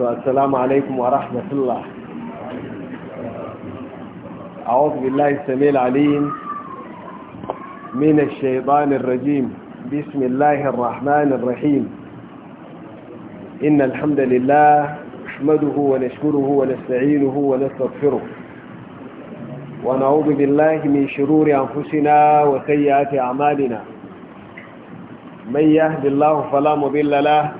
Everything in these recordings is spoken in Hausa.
wato assalamu alaikum wa rahmatullah a'udhu billahi samil alim min ash-shaytanir rajim bismillahir rahmanir rahim innal hamdalillah nahmaduhu wa nashkuruhu wa nasta'inuhu wa nastaghfiruh wa na'udhu billahi min shururi anfusina wa sayyiati a'malina man yahdihillahu fala mudilla lahu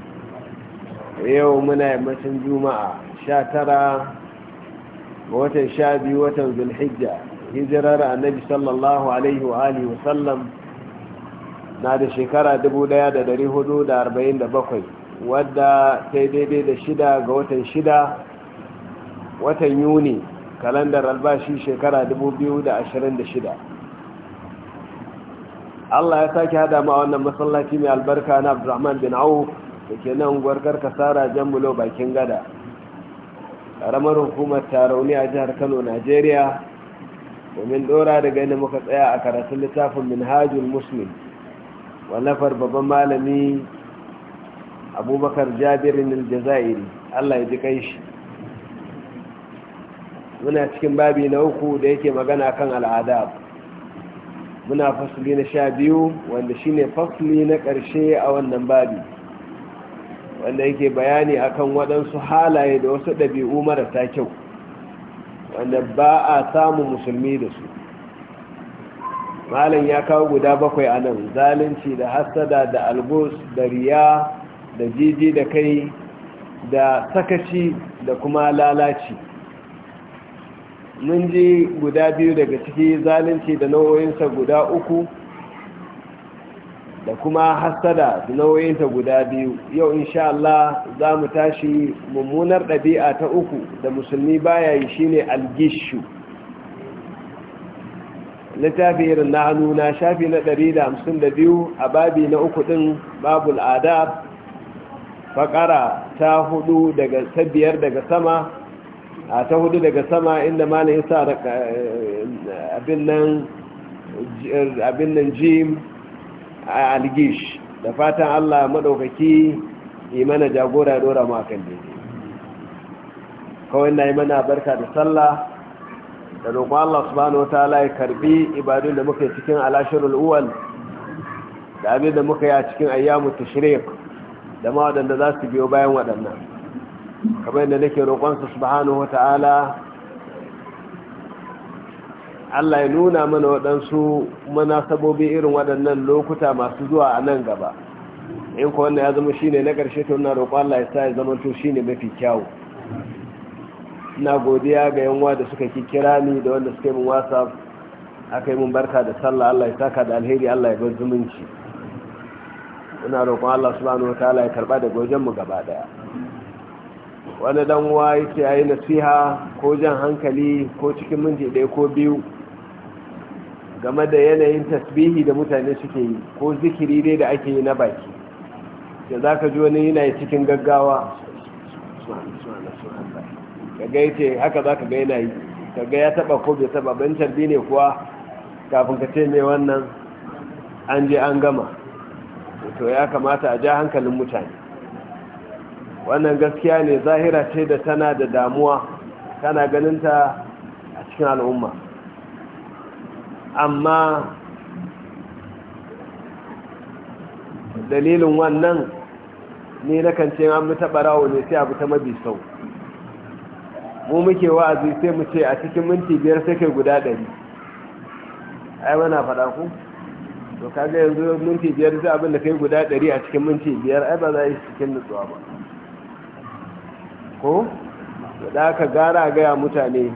yau muna yammacin juma'a sha tara ga watan sha biyu watan zulhijja hijirar annabi sallallahu alaihi wa alihi wasallam na da shekara 1447 wadda ta daidai da shida ga watan shida watan yuni kalandar albashi shekara 2026 Allah ya sake hada ma wannan masallaci mai albarka na Abdulrahman bin Auf da ke nan gwargar kasara jan bulo bakin gada ƙaramar hukumar tarauni a jihar kano najeriya domin dora da gani muka tsaya a karatun littafin minhajul muslim wallafar babban malami abubakar jabirin aljazairi allah ya ji kai shi muna cikin babi na uku da yake magana kan al'ada muna fasuli na sha biyu wanda shine fasuli na ƙarshe a wannan babi wanda yake bayani akan waɗansu halaye da wasu ɗabi'u marasa kyau wanda ba a samu musulmi da su malin ya kawo guda bakwai a nan zalunci da hasada da algos da riya da jiji da kai da sakaci da kuma lalaci mun ji guda biyu daga ciki zalunci da nau'o'insa guda uku da kuma hasada da nauyinta guda biyu yau insha Allah za mu tashi mummunar ɗabi'a ta uku da musulmi baya yi shine algishu littafi irin na hannu na shafi na 152 a babi na uku ɗin babul adab fakara ta hudu daga ta daga sama a ta hudu daga sama inda malin sa eh, abin nan jim a algish da fatan allah maɗaukaki mana jagora dora makon da kawai na yi mana barka da sallah da roƙon allah subhanahu wa ta'ala ya karbi ibadun da muka yi cikin alashirul uwal da abin da muka yi a cikin ayyamu tashrik da ma waɗanda za su biyo bayan waɗannan kamar yadda nake roƙonsa subhanahu wa ta'ala Allah ya nuna mana waɗansu munasabobi irin waɗannan lokuta masu zuwa a nan gaba in ko wannan ya zama shi ne na ƙarshe to ina roƙo Allah ya sa ya zama to ne mafi kyawu ina godiya ga yanwa da suka kira ni da wanda suke min WhatsApp aka yi mun barka da sallah Allah ya saka da alheri Allah ya bar zumunci ina roƙon Allah subhanahu ta'ala ya karba da gojen mu gaba daya wani dan uwa yake yayi nasiha ko jan hankali ko cikin minti ɗaya ko biyu game da yanayin tasbihi da mutane suke yi ko zikiri dai da ake yi na baki da za ka ji wani yana yi cikin gaggawa kaga haka za ka ga yi kaga ya taba ko bai taba ban tarbi ne kuwa kafin ka ce mai wannan an je an gama to ya kamata a ja hankalin mutane wannan gaskiya ne zahira ce da tana da damuwa tana ganinta a cikin al'umma amma dalilin wannan ne na kance an mu taɓa rawo ne sai abu ta mabi sau mu muke wa'azi sai mu ce a cikin minti biyar sai kai guda ɗari ai mana faɗa ku to kaga yanzu minti biyar sai abin da kai guda ɗari a cikin minti biyar ai ba za yi cikin nutsuwa ba ko da aka gara gaya mutane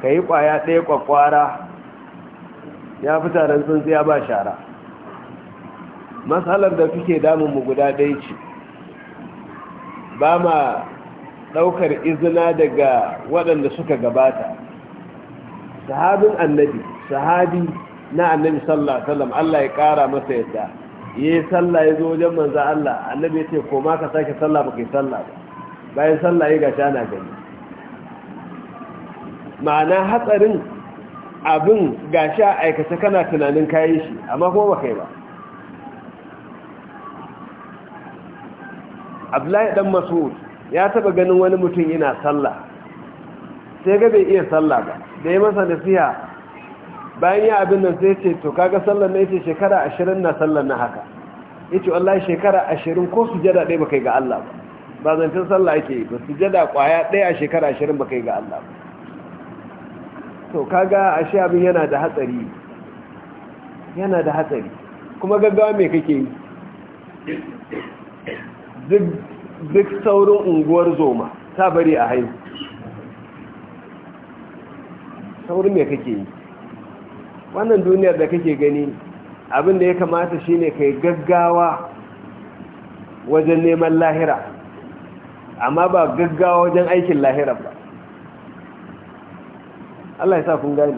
ka yi ƙwaya ɗaya kwakwara ya fi taron ya ba shara matsalar da suke mu guda ɗaya ce ba ma ɗaukar izina daga waɗanda suka gabata sahabin annabi sahabi na annabi sallah sallam Allah ya ƙara masa yadda ya yi sallah ya zo wajen manzan Allah annabi ya ce ko ka sake sallah ba kai sallah ba bayan sallah ya gashi ana gani ma'ana hatsarin abin ga shi a aikata kana tunanin kayi shi amma kuma ba kai ba abdullahi dan masu ya taba ganin wani mutum yana sallah sai ga bai iya sallah ba da ya masa nasiha bayan yi abin nan sai ce to kaga sallah na yace shekara ashirin na sallah na haka ce wallahi shekara ashirin ko su jada ɗaya ba kai ga Allah ba ba zancen sallah ake ba su jada ƙwaya ɗaya a shekara ashirin ba kai ga Allah ba to kaga ashe abin yana da hatsari yana da hatsari kuma gaggawa me kake yi duk saurin unguwar zoma ta bari a haihu saurin me kake yi wannan duniyar da kake gani abin da ya kamata shine kai gaggawa wajen neman lahira amma ba gaggawa wajen aikin lahira ba Allah ya sa kun gani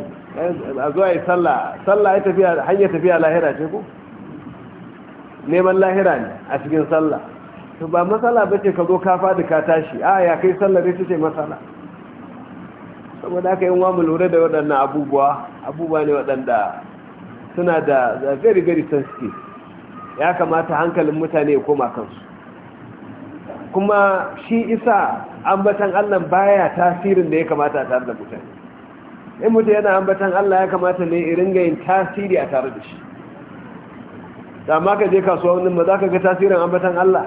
a zuwa yi sallah sallah ya tafiya hanyar tafiya lahira ce ko neman lahira ne a cikin sallah to ba masala ba ce ka zo ka faɗi ka tashi a ya kai sallah dai ce matsala saboda aka yi wa mu lura da waɗannan abubuwa abubuwa ne waɗanda suna da very very sensitive ya kamata hankalin mutane ya koma kansu kuma shi isa ambatan allah baya tasirin da ya kamata tare da mutane in mutu yana ambatan Allah ya kamata ne irin yin tasiri a tare da shi da ma ka je kasuwa wani ma za ka ga tasirin ambatan Allah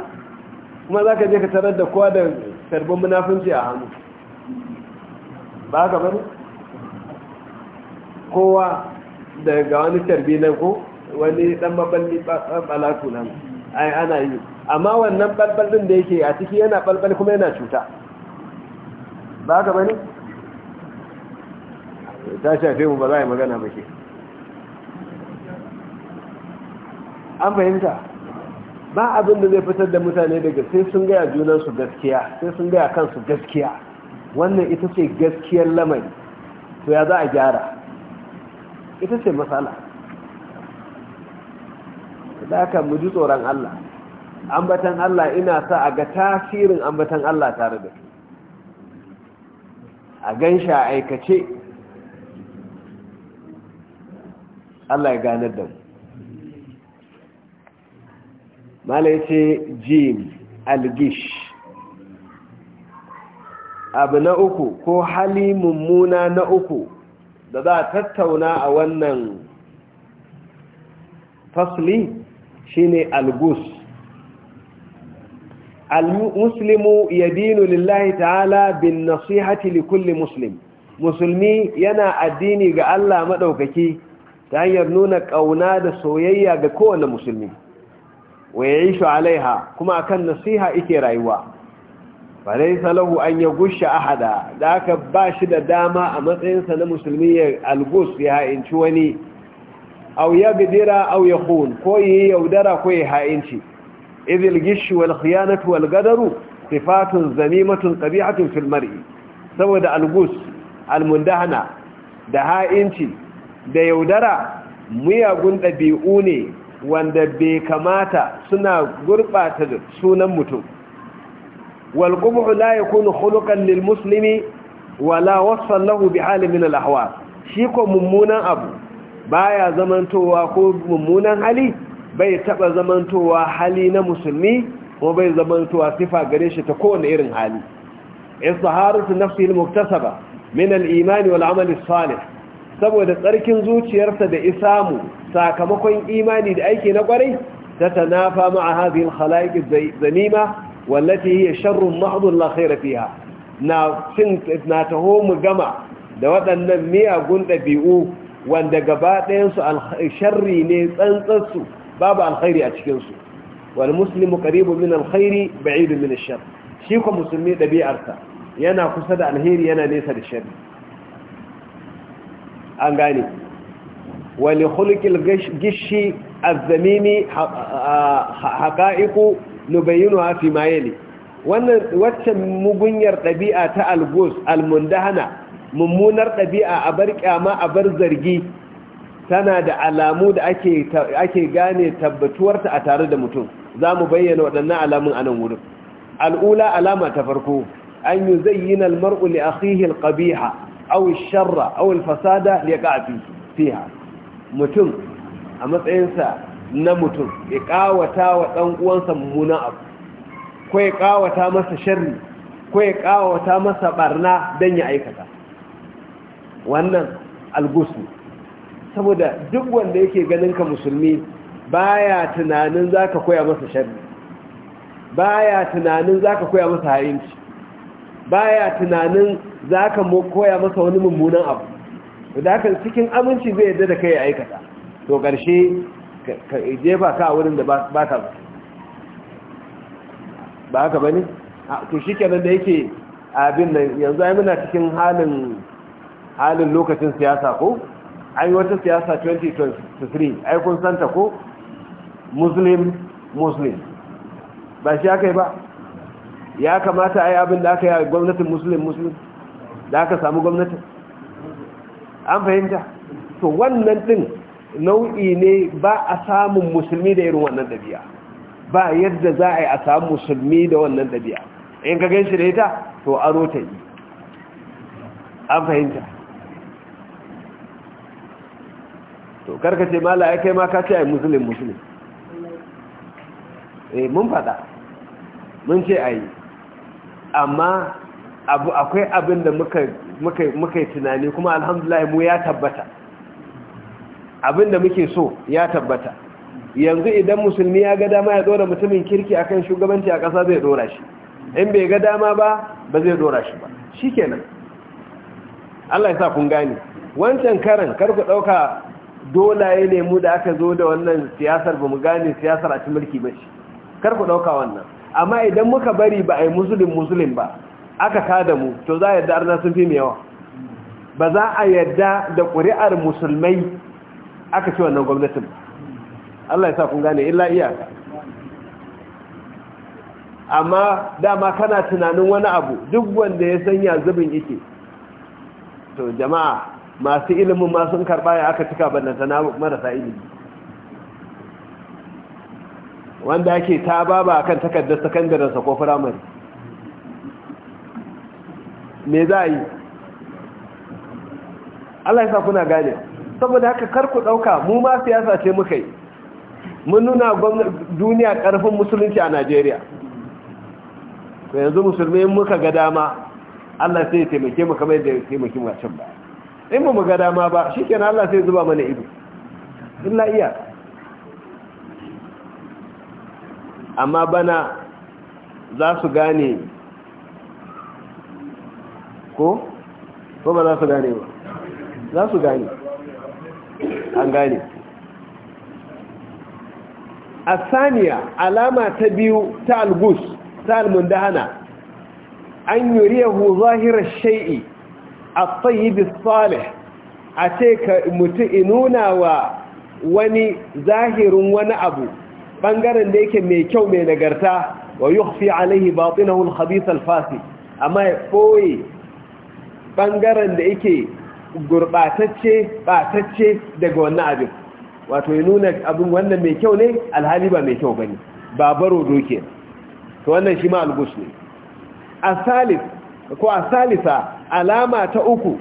kuma za ka je ka tarar da kowa da sarbin munafunci a hannu ba ka bari kowa daga wani tarbi nan ko wani dan maballi balatu nan ai ana yi amma wannan balbal da yake a ciki yana balbal kuma yana cuta ba ka bari ta shafe mu ba za a yi magana ba ke an fahimta ba abin da zai fitar da mutane daga sai sun gaya junansu gaskiya sai sun gaya kansu gaskiya wannan ita ce gaskiyar lamari to ya za a gyara ita ce matsala da aka muji tsoron Allah ambatan Allah ina sa a ga tasirin ambatan Allah tare da a gan shi a aikace Allah ya ganar da mu malai ce jim algish abu na uku ko hali mummuna na uku da za a tattauna a wannan fasli shine algus almuslimu yadinu lillahi ta'ala bin nasihati li kulli muslim musulmi yana addini ga Allah maɗaukaki ta hanyar nuna ƙauna da soyayya ga kowane musulmi wa ya yi alaiha kuma akan nasiha ike rayuwa ba dai salahu an ya gushe ahada da aka ba shi da dama a matsayinsa na musulmi ya algus ya ha'inci wani au ya bidira au ya hun ko yi yaudara ko ya ha'inci izil gishi wal khiyanatu wal gadaru sifatun zamimatun qabihatun fil mar'i saboda algus almundahana da ha'inci da yaudara miyagun ɗabi'u ne wanda bai kamata suna gurɓata sunan mutum walƙubu la ya kunu hulukan lil musulmi wala wasan lahu bi halimin al'ahwa shi ko mummunan abu baya zamantowa ko mummunan hali bai taɓa zamantowa hali na musulmi kuma bai zamantowa sifa gare shi ta kowane irin hali istaharatu nafsi al ba min al'imani imani wal amali salih saboda tsarkin zuciyarsa da isamu sakamakon imani da aiki na kwarai ta tanafa ma'a hadhihi al-khalaiq zanima wallati sharrun mahdun la fiya, na taho mu gama da waɗannan miyagun ɗabi'u wanda gaba ɗayansu su sharri ne tsantsansu babu alkhairi a cikinsu. Wani musulmi muslimu min alkhairi ba'idu min shar shi kuma musulmi ɗabi'arsa yana kusa da alheri yana nesa da shari'a an gane wani hulkil gishi azamini haƙa'iku nubayinu hafi maye wannan waccan mugunyar ɗabi'a ta algos almundahana mummunar ɗabi'a a bar kyama a bar zargi tana da alamu da ake gane tabbatuwarta a tare da mutum za mu bayyana waɗannan alamun a nan wurin al'ula alama ta farko an yi zayyin almar'u a akhihi ƙabiha. aw sharra aw fasada ya qafi fiha mutum a matsayinsa na mutum ya kawata wa dan uwansa mummuna abu ko kawata masa sharri kawata masa barna dan ya aikata wannan algusu saboda duk wanda yake ganin ka musulmi baya tunanin zaka koya masa sharri baya tunanin zaka koya masa hayinci baya tunanin za ka koya masa wani mummunan abu da haka cikin aminci zai yadda da kai aikata to ƙarshe ka jefa ka wurin da ba ka ba haka ba ne to shi kenan da yake abin nan yanzu ai muna cikin halin lokacin siyasa ko an yi wata siyasa 2023 ai kun santa ko muslim muslim ba shi aka yi ba ya kamata a yi abin da aka yi a gwamnatin musulun musulun da aka samu gwamnatin an fahimta to wannan din nau'i ne ba a samun musulmi da irin wannan dabi'a ba yadda za a yi a samun musulmi da wannan dabi'a in ka gan shi da ita to aro ta yi an fahimta to karkace mala ya kai ma ka ce a yi musulun musulun eh, mun faɗa mun ce a yi amma akwai abin da muka yi tunani kuma alhamdulahi mu ya tabbata abin da muke so ya tabbata yanzu idan musulmi ya ga dama ya dora mutumin kirki akan shugabanci a ƙasa zai dora shi in bai ga dama ba ba zai dora shi ba shi kenan Allah ya sa kun gane wancan karan karku ɗauka dolaye ne mu da aka zo da wannan siyasar ba mu gane siyasar a ci mulki ba shi karku ɗauka wannan amma idan muka bari ba a yi musulun musulun ba aka kada mu to za a yadda arna sun fi yawa ba za a yadda da ƙuri'ar musulmai aka ci wannan gwamnatin Allah ya sa kun gane illa iya. amma dama kana tunanin wani abu duk wanda ya sanya zubin yake to jama'a masu ilimin ma sun karɓa ya aka cika ballantana marasa ilimi wanda ake ta a kan takardar sakandarensa ko firamare me za a yi Allah ya sa kuna gane saboda haka kar ku dauka mu ma siyasa ce muka yi mun nuna duniya karfin musulunci a Najeriya ko yanzu musulmai muka ga dama Allah sai ya taimake mu kamar yadda ya taimake mu a can ba in mu ga dama ba shikenan Allah sai ya zuba mana ido illa iya amma bana za su gane ko? ko ba za su gane ba za su gane an gane a saniya alama ta biyu ta algus ta almundahana an riyahu zahirar shai'i a tsayi salih a ce ka mutu inuna wa wani zahirin wani abu bangaren da yake mai kyau mai nagarta wa yukhfi alaihi batinahu al-khabith al-fasi amma ya koyi bangaren da yake gurbatacce batacce daga wannan abin wato ya nuna abin wannan mai kyau ne alhali ba mai kyau bane ba baro doke to wannan shi ma al-ghusl asalif ko asalisa alama ta uku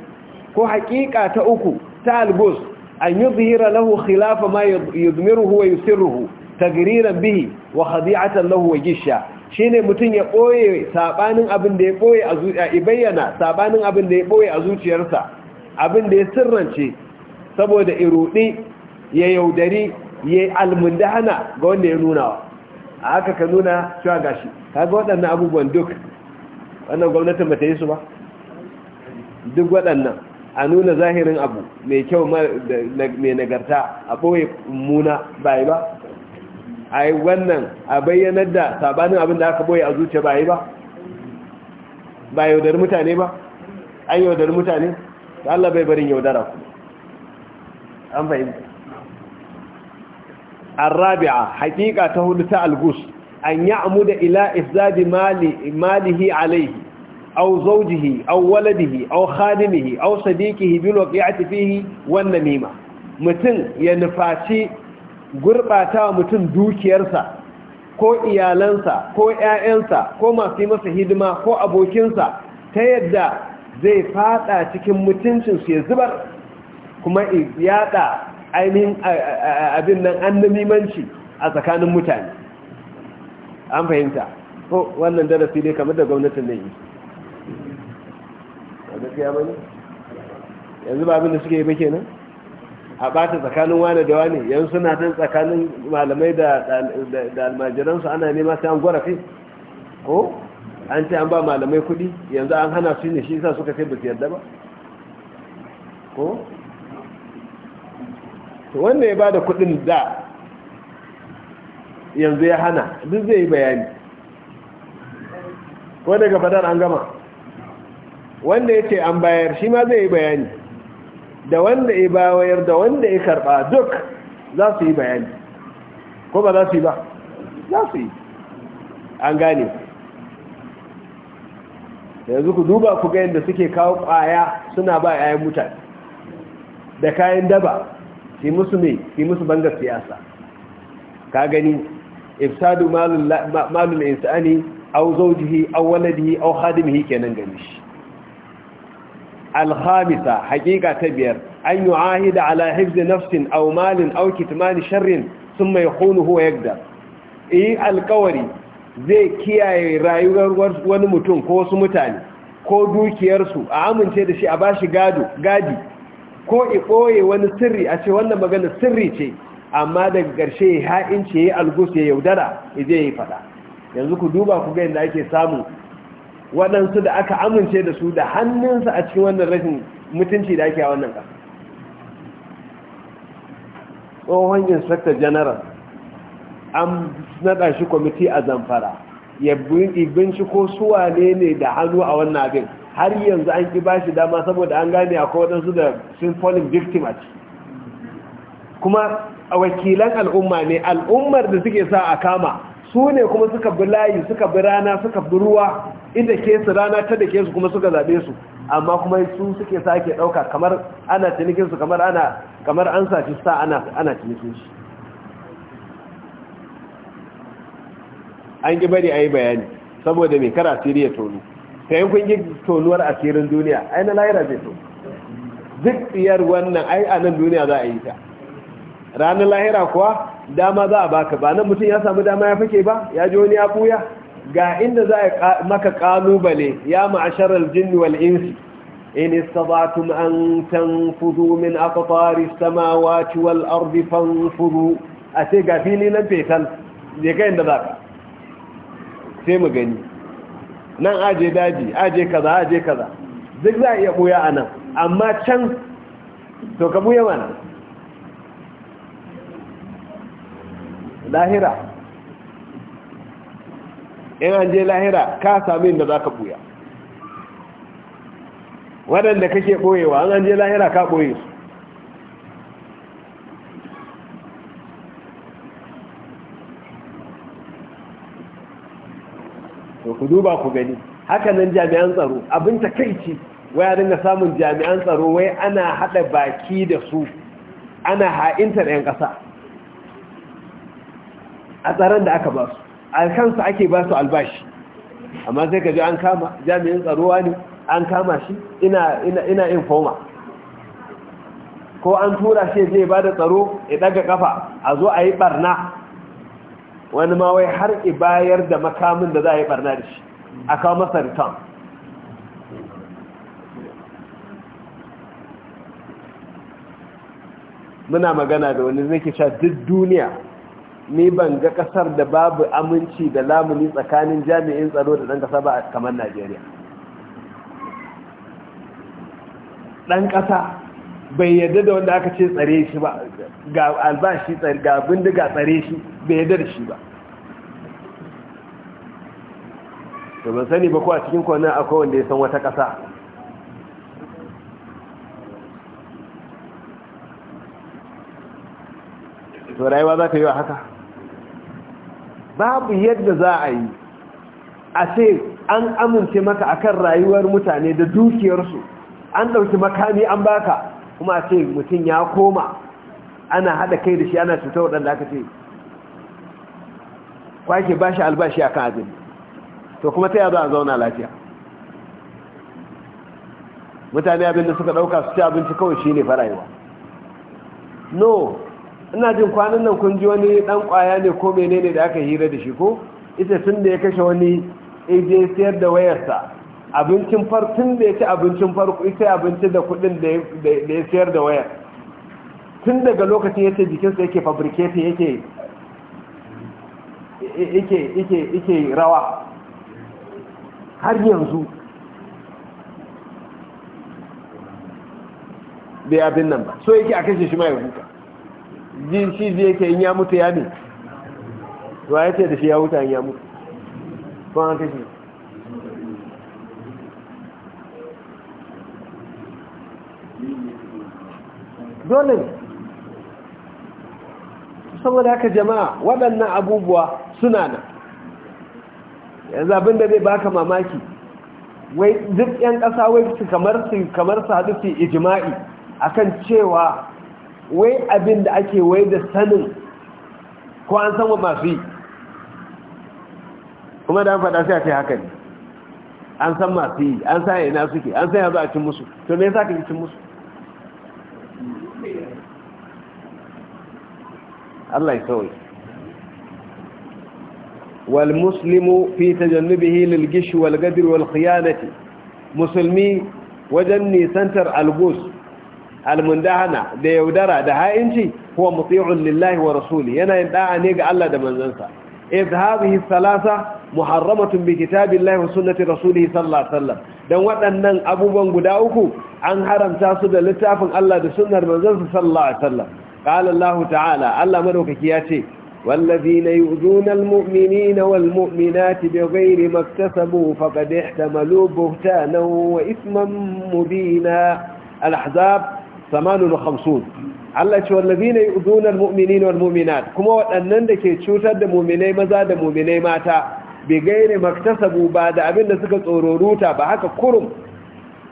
ko haqiqa ta uku ta al-ghusl an yuzhira lahu khilafa ma yudmiruhu wa yusirruhu tagriran bihi wa khadi'atan lahu wa gisha shine mutum ya boye sabanin abin da ya boye a zuciya bayyana sabanin abin da ya boye a zuciyarsa abin da ya sirrance saboda irudi ya yaudari ya almundahana ga wanda ya nuna wa a haka ka nuna cewa gashi kaga waɗannan abubuwan duk wannan gwamnatin ba ta yi su ba duk waɗannan a nuna zahirin abu mai kyau mai nagarta a ɓoye muna bai ba a wannan a bayyanar da sabanin abin da aka boye a zuciya ba yi ba ba yaudar mutane ba an yaudar mutane da allah bai barin yaudara ku an fahimta an rabia hakika ta hudu ta algus an yi amu da ila izadi malihi alaihi au zaujihi au waladihi au khadimihi au sadiqihi bil waqi'ati fihi wannan nima. mutum ya nufaci gurɓata wa mutum dukiyarsa ko iyalansa ko 'ya'yansa ko masu yi masa hidima ko abokinsa ta yadda zai fada cikin mutuncinsu ya zubar kuma yada ainihin abin nan an mimanci a tsakanin mutane an fahimta ko wannan darasi ne kamar da gwamnatin nan yi a gaskiya bane yanzu ba abin da suke yi ba kenan a bata tsakanin wane da wane yanzu suna nan tsakanin malamai da almajiransu ana nema sai an gwara fi? ko an ce an ba malamai kuɗi yanzu an hana su ne shi sa suka ce ba su ba ko wanda ya ba da kuɗin da yanzu ya hana duk zai yi bayani ko daga fadar an gama wanda ya ce an bayar shi ma zai yi bayani da wanda ya bayar da wanda ya karba duk za su yi bayani ko ba za su yi ba za su yi an gane yanzu ku duba ku ga yadda suke kawo kwaya suna ba yayan mutane da kayan daba ki musu ne ki musu bangar siyasa ka gani ifsadu malul insani aw zawjihi aw waladihi aw khadimihi kenan gani shi alhamisa hakika ta biyar an yi ahida ala hifzi nafsin aw malin aw kitmani sharrin thumma yakhunuhu wa yagdar yi alkawari zai kiyaye rayuwar wani mutum ko wasu mutane ko dukiyarsu a amince da shi a bashi gado gadi ko ɓoye wani sirri a ce wannan magana sirri ce amma daga ƙarshe ha'inci ya yi algus ya yaudara je ya yi fada yanzu ku duba ku ga yadda ake samun waɗansu da aka amince da su da hannunsa a cikin wannan rashin mutunci da ake a wannan ƙasa tsohon inspector general an naɗa shi kwamiti a zamfara ya binciko suwa ne ne da hannu a wannan abin har yanzu an ƙi bashi dama saboda an gane a waɗansu da sun falling victim a kuma wakilan al'umma ne al'ummar da suke sa a kama su ne kuma suka bi layi suka bi rana suka bi ruwa inda ke su rana ta da ke su kuma suka zabe su amma kuma su suke sake dauka kamar ana cinikin su kamar ana kamar an saci sa ana ana cinikin shi an ki bari ayi bayani saboda me kara asiri ya tonu sai kun yi tonuwar asirin duniya ai na lahira zai to duk tsiyar wannan ai a nan duniya za a yi ta ranar lahira kuwa dama za a baka ba nan mutum ya samu dama ya fake ba ya ji wani ya buya ga inda za a maka kalubale ya ma'ashar aljinni wal insi in istabatum an tanfudu min aqtari samawati wal ardi fanfudu a sai ga fili nan fetal je ka inda zaka sai mu gani nan aje daji aje kaza aje kaza duk za a iya buya a nan amma can to ka buya mana lahira in an je lahira ka sami inda za ka buya waɗanda kake ɓoyewa an an je lahira ka ɓoye su to ku duba ku gani hakanan jami'an tsaro abin takaici waya dinga samun jami'an tsaro wai ana hada baki da su ana ha'intar 'yan ƙasa a tsaron da aka ba su a kansu ake ba su albashi amma sai ka ji an kama jami'in tsaruwa ne an kama shi ina ina ina informa ko an tura shi zai ba da tsaro ya daga kafa a zo a yi barna wani mawai har i bayar da makamin da za a yi barna da shi a kawo masa return muna magana da wani zai ke sha duk duniya ni ban ga kasar da babu aminci da lamuni tsakanin jami'in tsaro da ɗan ƙasa ba kamar najeriya ɗan ƙasa bai yadda da wanda aka ce tsare shi ba ga albashi ga bindiga tsare shi bai yadda da shi ba to ban sani ba ko a cikin kwanan akwai wanda ya san wata kasa to rayuwa za ta yi wa haka babu yadda za a yi a ce an amince maka akan rayuwar mutane da dukiyarsu an ɗauki makami an baka kuma ce mutum ya koma ana haɗa kai da shi ana cuta waɗanda aka ce kwake ba shi albashi a kan abin to kuma ta yaba a zauna lafiya mutane abin da suka ɗauka su ci abinci kawai shi ne farayewa no ina jin kwanan nan kun ji wani dan kwaya ne ko menene da aka hira da shi ko ita tun da ya kashe wani eh, ya sayar da wayarsa abincin farko tun da ya ci abincin farko ita abinci da kudin da ya sayar da wayar tun daga lokacin yace jikinsa yake fabricate yake yake yake yake rawa har yanzu bai abin nan ba so yake a kashe shi mai hukunta jin shi zai yake in ya mutu ya ne ba ya ce da shi ya wuta in ya mutu ba an kashi dole ne saboda haka jama'a waɗannan abubuwa suna na yanzu abin da zai baka mamaki wai duk 'yan ƙasa wai kamar su haɗu su ijima'i akan cewa wai abin da ake wai da sanin ko an san wa masu yi kuma da an faɗa sai a ce haka ne an san masu yi an san ina suke an san yanzu a cin musu to me yasa kake cin musu Allah ya sauye wal muslimu fi tajannubihi lil gish wal gadr wal khiyanati musulmi wajen nisantar algus almundahana da yaudara da ha'inci huwa muti'un lillahi wa rasuli yana yin da'a ne ga Allah da manzansa idh hadhihi thalatha muharramatun bi kitabillahi wa sunnati rasulihi sallallahu alaihi wasallam dan waɗannan abubuwan guda uku an haramta su da littafin Allah da sunnar manzansa sallallahu alaihi wasallam qala Allah ta'ala Allah madaukaki ya ce والذين يؤذون المؤمنين والمؤمنات بغير ما اكتسبوا فقد احتملوا بهتانا وإثما مبينا الأحزاب samanun hamsun Allah ce wallabi ne udunar mu'minin wal mu'minat kuma waɗannan da ke cutar da mu'minai maza da mu'minai mata bi gaire maktasabu ba da abin da suka tsororuta ba haka kurum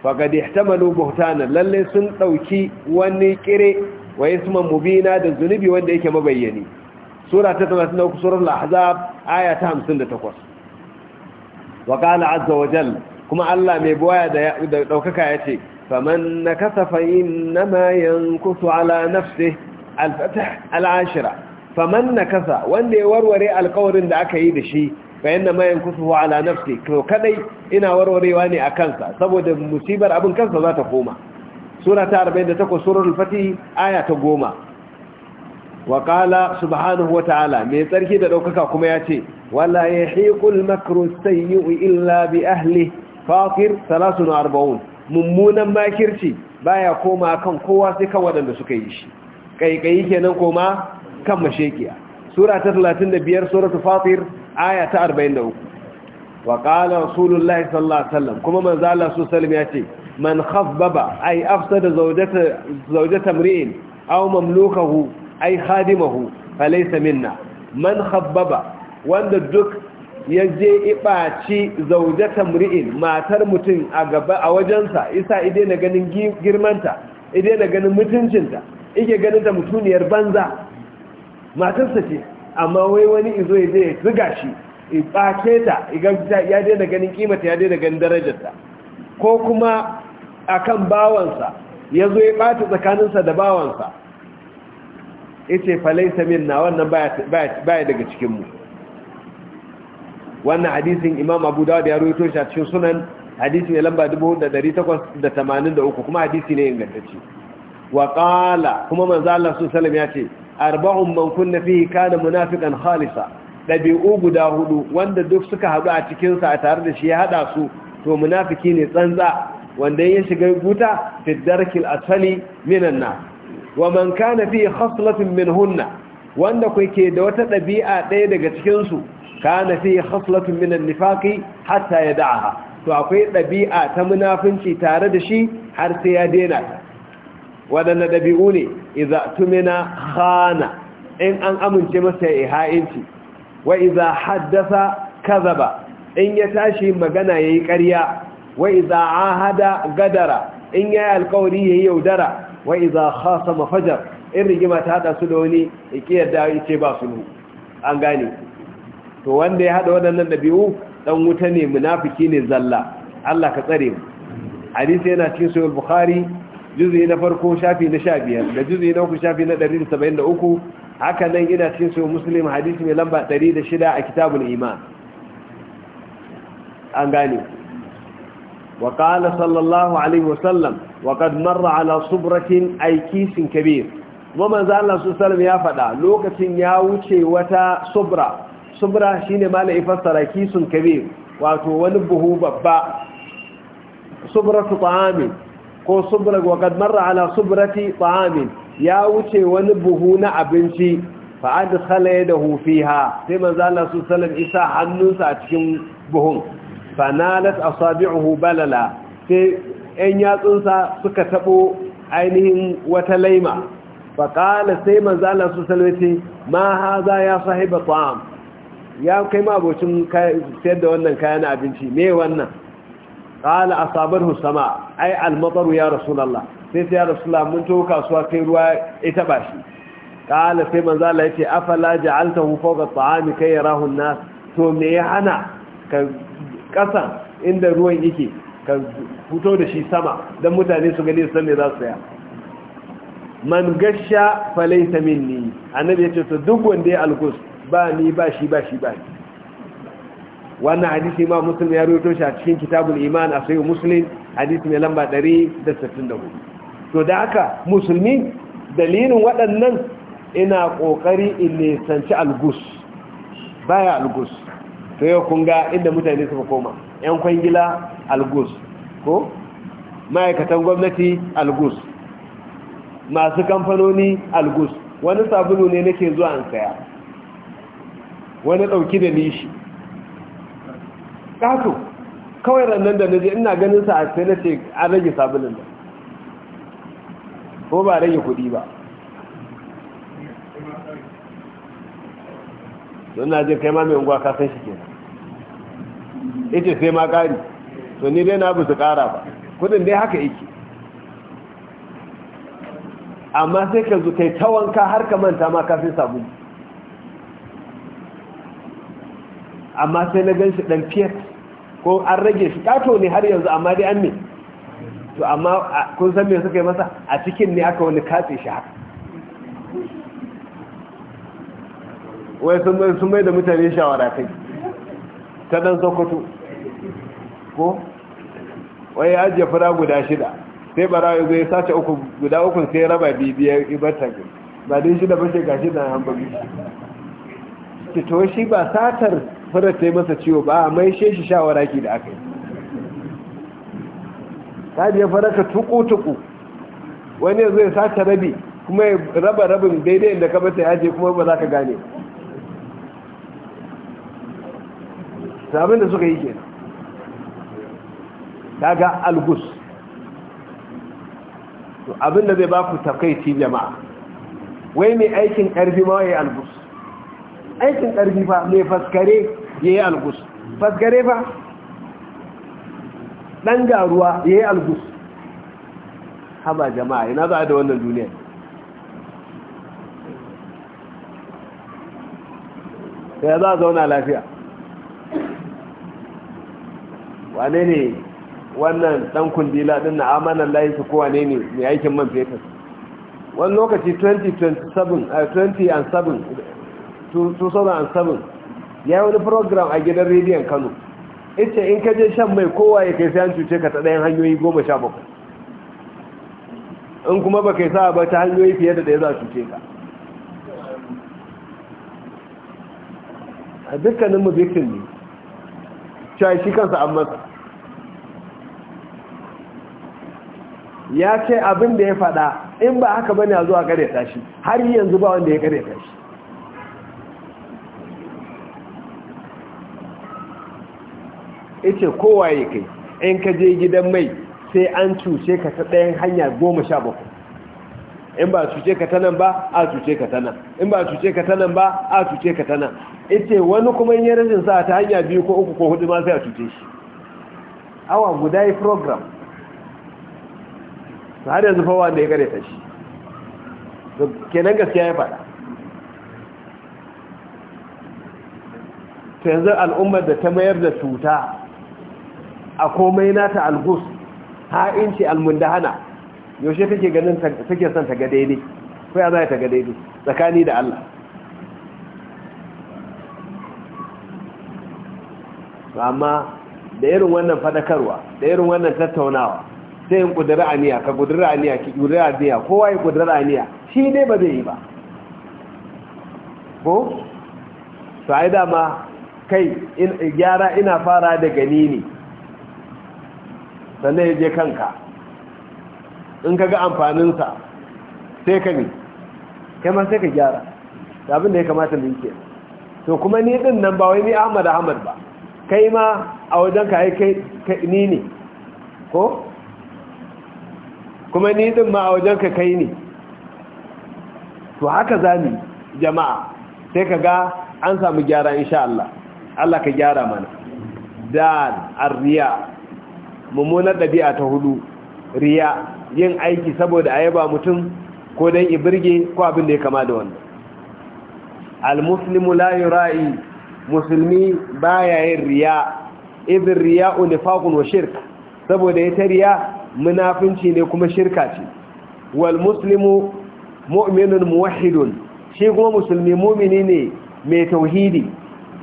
da ihtamalu buhtana lalle sun ɗauki wani kire wa isman mubina da zunubi wanda yake mabayyani sura ta 83 al ahzab aya ta 58 wa qala azza wa jalla kuma Allah mai boya da ɗaukaka yace فمن نكث فإنما ينكث على نفسه الفتح العاشرة فمن نكث وان يوروري القور da aka yi da shi fa innama yankusuhu ala nafsi to kadai ina warwarewa ne a kansa saboda musibar abin kansa za ta koma sura ta 48 suratul fatih aya ta goma. Wakala subhanahu wa ta'ala mai tsarki da ɗaukaka kuma yace wala yahiqul makru illa bi ahli fatir 43 mummunan makirci baya koma kan kowa sai kan waɗanda suka yi shi ƙaiƙayi kenan koma kan mashekiya sura ta 35 suratul fatir aya ta 43 wa qala rasulullahi sallallahu alaihi wasallam kuma manzo Allah su sallam ya ce man khaffaba ay afsada zawjata zawjata mri'in aw mamlukahu ay khadimahu falaysa minna man khaffaba wanda duk ya je ibaci zaujata mri'in matar mutum a gaba a wajensa isa ide na ganin girmanta ide na ganin mutuncinta ike ganin ta mutuniyar banza matarsa ce amma wai wani izo ya je ziga shi ibace ta ya daina ganin kimata ya ganin darajarta ko kuma akan bawansa ya zo ya ɓata tsakaninsa da bawansa ya ce min na wannan baya daga cikinmu wannan hadisin imam abu da ya rawaito shi a cikin sunan hadisi ne lamba 1883 kuma hadisi ne ingantacce wa Waƙala kuma manzo Allah sallallahu Salam) ya ce arba'un man kunna fihi kana munafiqan halisa, ɗabi'u guda hudu wanda duk suka haɗu a cikin a tare da shi ya haɗa su to munafiki ne tsanza wanda ya shiga guta fi darkil asfali minan na wa man kana fihi khaslatun minhunna wanda kuke da wata ɗabi'a ɗaya daga cikinsu. kana fi khaslatun min an-nifaqi hatta yad'aha to akwai dabi'a ta munafinci tare da shi har sai ya daina ta wadanna dabi'u ne idza tumina khana in an amince masa ya ha'inci wa idza haddasa kadhaba in ya tashi magana yayi ƙarya wa idza ahada gadara in yayi alƙawari yayi yaudara wa idza khasama fajar in rigima ta hada su da wani ya kiyar da yace ba sulhu an gane to wanda ya hada waɗannan dabi'u Ɗan wuta ne munafiki ne zalla Allah ka tsare mu hadisi yana cikin sahih bukhari juz'i na farko shafi na 15 da juz'i na uku shafi na 173 haka nan yana cikin sahih muslim hadisi mai lamba 106 a kitabul iman an gane wa qala sallallahu alaihi wasallam wa qad marra ala subratin ay kisin kabir kuma manzo Allah sallallahu alaihi wasallam ya faɗa lokacin ya wuce wata subra subra shine malai fassara kisun kabir wato wani buhu babba subratu ta'amin ko subra wa marra ala subrati ta'amin ya wuce wani buhu na abinci fa adkhala yadahu fiha sai manzo Allah sallallahu alaihi isa hannunsa a cikin buhun fanalat asabi'uhu balala sai yan yatsunsa suka tabo ainihin wata laima fa sai manzo Allah sallallahu alaihi wasallam ya sahiba ta'am ya kai ma abocin sayar da wannan kayan abinci me wannan qala asabahu sama ai al ya ya rasulullah sai ya rasulullah mun to kasuwa kai ruwa ita ba shi qala sai manzo Allah yace afala ja'altahu ga ta'ami kai ya an-nas to me ya hana ka kasa inda ruwan yake ka fito da shi sama don mutane su gani san za su saya man gasha falaysa minni annabi ce to duk wanda ya alkus ba ni ba shi ba shi ba wannan hadisi ma muslim ya rubuto shi a cikin kitabul iman a sayo muslim hadisi mai lamba 164 to da haka musulmi dalilin waɗannan ina ƙoƙari in nisanci algus baya algus to yau kun ga inda mutane suka koma 'yan kwangila algus ko ma'aikatan gwamnati algus masu kamfanoni algus wani sabulu ne nake zuwa an saya wani ɗauki da nishi ƙato kawai rannan da na je ina ganin sa a sai na ce an rage sabulin da ko ba rage kuɗi ba don na je kai ma mai unguwa ka san shi ke ita sai ma ƙari to ni dai na bu su ƙara ba kudin dai haka yake amma sai ka zukai, tawanka ta wanka har ka manta ma kafin sabulu amma sai na gan shi ɗan fiyar ko an rage shi kato ne har yanzu amma dai an ne to amma kun san me suka yi masa a cikin ne aka wani katse shi haka wai sun mai da mutane shawara kai ta ɗan sokoto ko wai ya ajiye fura guda shida sai barawa zai sace uku guda ukun sai raba bibiyar ibata ba dai shida ba shi gashi da hanbabi to shi ba satar fara ta yi masa ciwo ba a mai sheshi shawara ki da aka yi ta biya faraka tuku-tuku wani yanzu ya sace rabi kuma ya raba rabin daidai da ka bata yaje kuma ba za ka gane sabin da suka yi ke ta ga algus abinda zai ba ku takaici jama'a wai mai aikin ƙarfi ma ya yi algus aikin ƙarfi ba mai faskare ya yi algus faskare ba ɗan garuwa ya yi algus haba jama'a ina za da wannan duniya ya za a zauna lafiya wane ne wannan ɗan kundila ɗin na amanan su kowane ne mai aikin man fetus wani lokaci 20 eh, and 2007 ya yi wani program a gidan rediyon kano ita in ka je shan mai kowa ya kai sayan cuce ka ta ɗayan hanyoyi goma sha bakwai in kuma ba kai sa'a ba ta hanyoyi fiye da ɗaya za a cuce ka a dukkanin mu victim ne cewa shi kansa an masa ya ce abin da ya faɗa in ba haka bane a zuwa kare tashi har yanzu ba wanda ya kare tashi kowa kowaye kai in ka je gidan mai sai an cuce ka ta ɗayan hanya goma sha bakwai in ba cuce ka ta nan ba a cuce ka ta nan in ba cuce ka ta nan ba a cuce ka ta nan ita wani kuma in yi sa ta hanya biyu ko uku ko hudu ma sai a cuce shi awa guda yi program su har yanzu fawa da ya gare ta shi kenan gaskiya ya faɗa ta yanzu al'ummar da ta mayar da cuta a komai nata algus ha'inci almundahana yaushe take ganin take son ta ga daidai ko ya za ta ga daidai tsakani da Allah amma da irin wannan fadakarwa da irin wannan tattaunawa sai in kudura aniya ka kudura aniya ki kudura aniya kowa ya kudura aniya shi dai ba zai yi ba ko? su ai dama kai gyara ina fara da gani ne sannan ya je kanka in ka ga amfaninsa sai ka ne kai ma sai ka gyara abin da ya kamata mu yi to kuma ni din nan ba wai ni Ahmad Ahmad ba kai ma a wajen ka kai ni ne ko kuma ni din ma a wajen ka kai ne to haka ni jama'a sai ka ga an samu gyara insha Allah Allah ka gyara mana dan arriya mummunar ɗabi'a ta hudu riya yin aiki saboda a yaba mutum ko don ibirge ko abin da ya kama da wannan almuslimu layu ra'i musulmi ba ya yin riya Izin riya unifakun wa shirk saboda ya ta riya munafinci ne kuma shirka ce wal muslimu mu'minun muwahidun shi kuma musulmi mu'mini ne mai tauhidi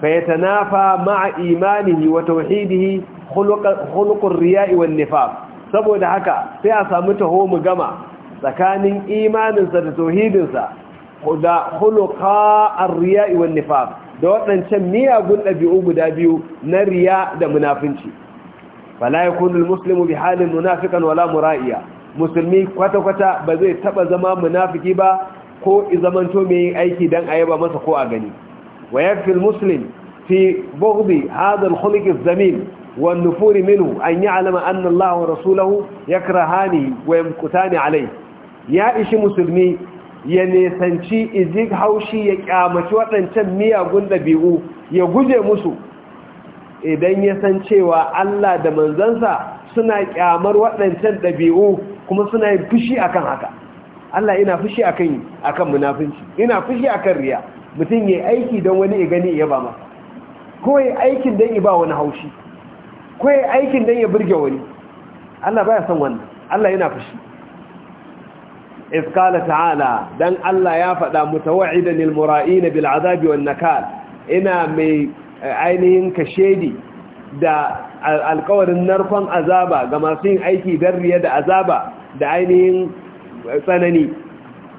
fayatanafa ma'a imanihi wa tauhidihi khuluqur riya'i wan saboda haka sai a samu taho mu gama tsakanin imaninsa da tauhidinsa da khuluqa ar-riya'i wan nifaq da waɗancan miyagun ɗabi'u guda biyu na riya da munafinci fala yakunu al-muslimu bi halin munafiqan wala mura'iya musulmi kwata-kwata ba zai taba zama munafiki ba ko izamanto mai aiki dan ayaba masa ko a gani ويكفي المسلم في بغض هذا الخلق الذميم والنفور منه أن يعلم أن الله ورسوله يكرهانه ويمقتان عليه يا إشي مسلمي ya nesanci izig haushi ya kyamaci waɗancan miyagun ɗabi'u ya guje musu idan ya san cewa Allah da manzansa suna kyamar waɗancan ɗabi'u kuma suna yin fushi akan haka Allah ina fushi akan akan ina fushi akan riya mutum ya aiki don wani ya gani ya ba ma ko ya aikin don ya ba wani haushi ko ya aikin don ya birge wani Allah baya son wani, Allah yana fushi iskala ta'ala don Allah ya faɗa mutawa'idan lil mura'in bil'azabi azabi nakal ina mai eh, ainihin kashedi da alkawarin narkon azaba ga masu yin aiki don riya da azaba da ainihin eh, tsanani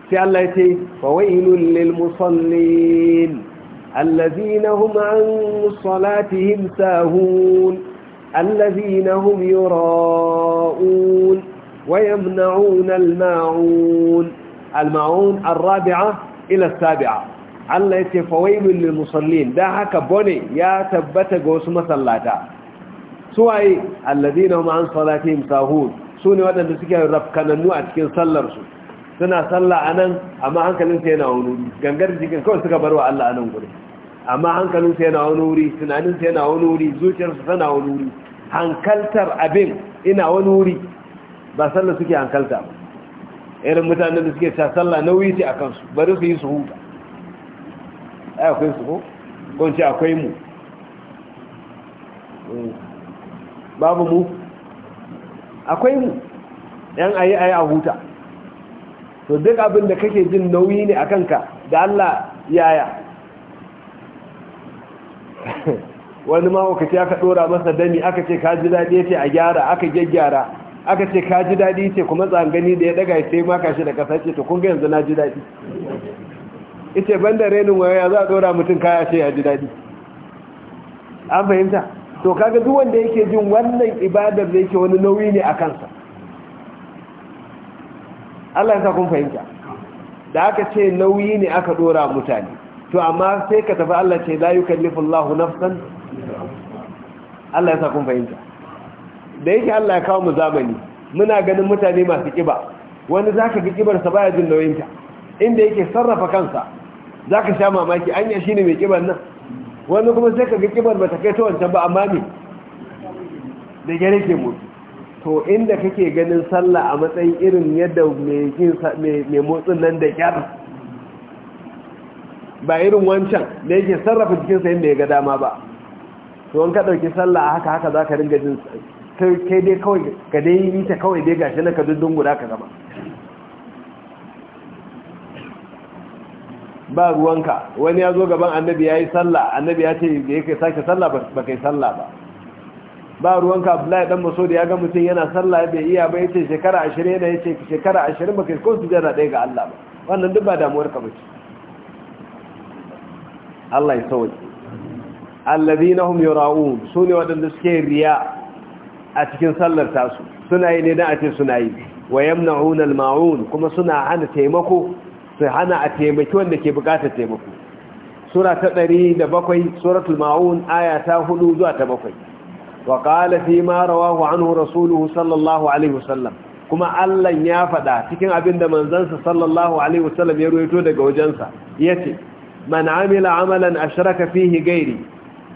sai Allah ya ce fawailul lil musallin allazina hum an salatihim sahun allazina hum yura'un wa yamna'un al ma'un al ma'un al rabi'a ila al sabi'a Allah ya ce fawailul lil musallin da haka bone ya tabbata ga wasu masallata suwaye allazina hum an salatihim sahun sune waɗanda suke rafkanannu a cikin sallar su suna sallah a nan amma hankalinsu yana wani wuri gangar jikin kawai suka bar wa Allah a nan guri amma hankalinsu yana wani wuri tunaninsu yana wani wuri zuciyarsu tana wani wuri hankaltar abin ina wani wuri ba sallah suke hankalta ba irin mutanen da suke ta sallah nauyi ce a kansu bari su yi su huta ai akwai su ko gonci akwai mu hmm. babu mu akwai mu yan ayi ayi a huta to duk abin da kake jin nauyi ne a kanka da Allah yaya wani ce aka ɗora masa dami aka ce ka ji daɗi ce a gyara aka gyaggyara aka ce ka ji daɗi ce kuma tsangani da ya ɗaga ya sai maka shi da ƙasa ce to kun ga yanzu na ji daɗi ita ban da renin waya za a ɗora mutum kaya ce ya ji daɗi an fahimta to kaga duk wanda yake jin wannan ibadar da yake wani nauyi ne a kansa Allah ya sa kun fahimta da aka ce nauyi ne aka dora mutane to amma sai ka tafi Allah ce la yukallifu Allahu nafsan Allah ya sa kun fahimta da yake Allah ya kawo mu zamani muna ganin mutane masu kiba wani zaka ga kibar sa baya jin nauyinta inda yake sarrafa kansa zaka sha mamaki ya shine mai kibar nan wani kuma sai ka ga kibar bata kai ta wancan ba amma ne da gare ke mutu to inda kake ganin sallah a matsayin irin yadda mai motsin nan da kyar ba irin wancan da yake sarrafa jikinsa yadda ya ga dama ba to an ka ɗauki sallah a haka haka za ka ringa jin kai dai kawai ka dai yi ta kawai dai gashi na ka dundun guda ka gaba ba ruwanka wani ya zo gaban annabi ya yi sallah annabi ya ce da ya sake sallah ba kai sallah ba ba ruwanka abdullahi dan maso da ya ga mutum yana sallah bai iya ba yace shekara 20 yana yace shekara 20 baka ko su jana ɗaya ga Allah ba wannan duk ba damuwar ka bace Allah ya sauke alladhina hum yura'un sune wadanda suke riya a cikin sallar tasu suna yi ne dan a ce suna yi wa yamna'una al kuma suna hana taimako su hana a taimaki wanda ke bukatar taimako sura ta 107 suratul ma'un aya ta 4 zuwa ta 7 وقال فيما رواه ma rawahu anhu rasuluhu sallallahu alaihi كما kuma Allah ya faɗa cikin abinda manzansa sallallahu alaihi wasallam ya ruwaito daga wajensa yace man amila amalan ashraka fihi gairi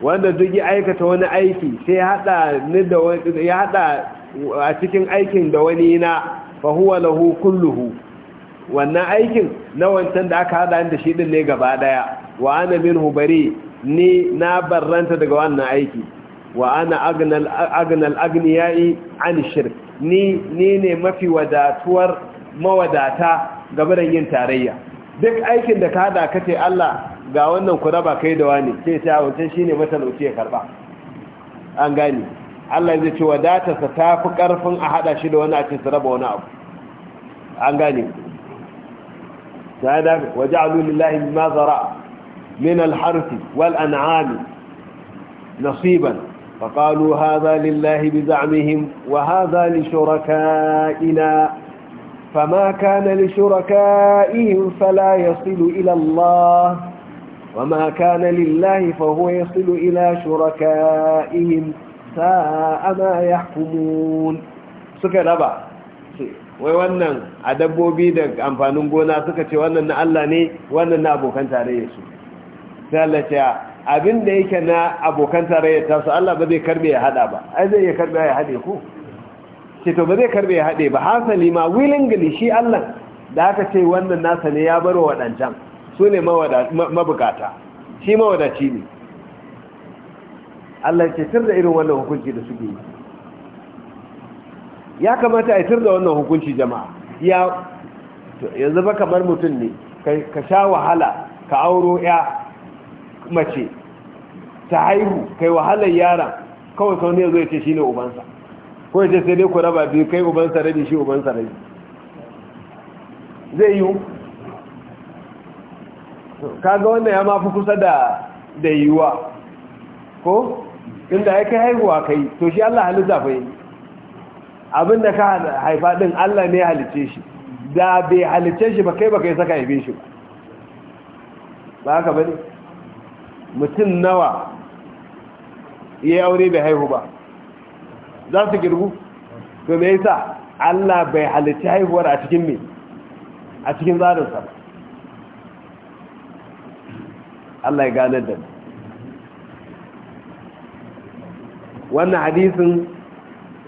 wanda duk ya aikata wani aiki sai hada ni da ya hada a cikin aikin da wani na fa huwa lahu kulluhu wannan aikin na wancan da aka hada da shi din ne gaba daya wa ana minhu bari ni na barranta daga wannan aiki wa ana agnal agniyai an shirk ni ni ne mafi wadatuwar mawadata game da yin tarayya duk aikin da ka hada kace Allah ga wannan ku raba kai da wani sai ta wuce shine matalauci ya karba an gani Allah zai ce wadata sa tafi karfin a hada shi da wani a cikin raba wani abu an gani sada waja'alu lillahi mimma zara min al-harfi wal an'ami nasiban فقالوا هذا لله بزعمهم وهذا لشركائنا فما كان لشركائهم فلا يصل إلى الله وما كان لله فهو يصل إلى شركائهم ساء ما يحكمون سكر أبا wai wannan a dabbobi da amfanin gona suka ce wannan na Allah ne wannan na abokan tare su sai Allah abin da yake na abokan tarayyar su Allah ba zai karbe ya hada ba ai zai iya karbe ya hade ku ce to ba zai karbe ya hade ba hasali ma willingly shi Allah da aka ce wannan nasa ne ya baro wadancan su ne mabukata shi mawadaci ne Allah ce tur da irin wannan hukunci da suke yi ya kamata a tur da wannan hukunci jama'a ya yanzu ba kamar mutum ne ka sha wahala ka auro ya mace ta haihu kai wahalar yara kawai sau ne zai ce shi ne ubansa ko ce sai dai ku raba biyu kai ubansa rabi shi ubansa rabi zai yiwu kaga wannan ya mafi kusa da da yiwuwa ko inda ya kai haihuwa kai to shi Allah halitta fa yi abinda ka haifa din Allah ne halice shi da bai halice shi ba kai ba kai saka haife shi ba ba haka bane mutum nawa ya aure bai haihu ba za su girgu to mai sa Allah bai halitta haihuwar a cikin mai a cikin tsarinsa ba Allah ya gane da wannan hadisin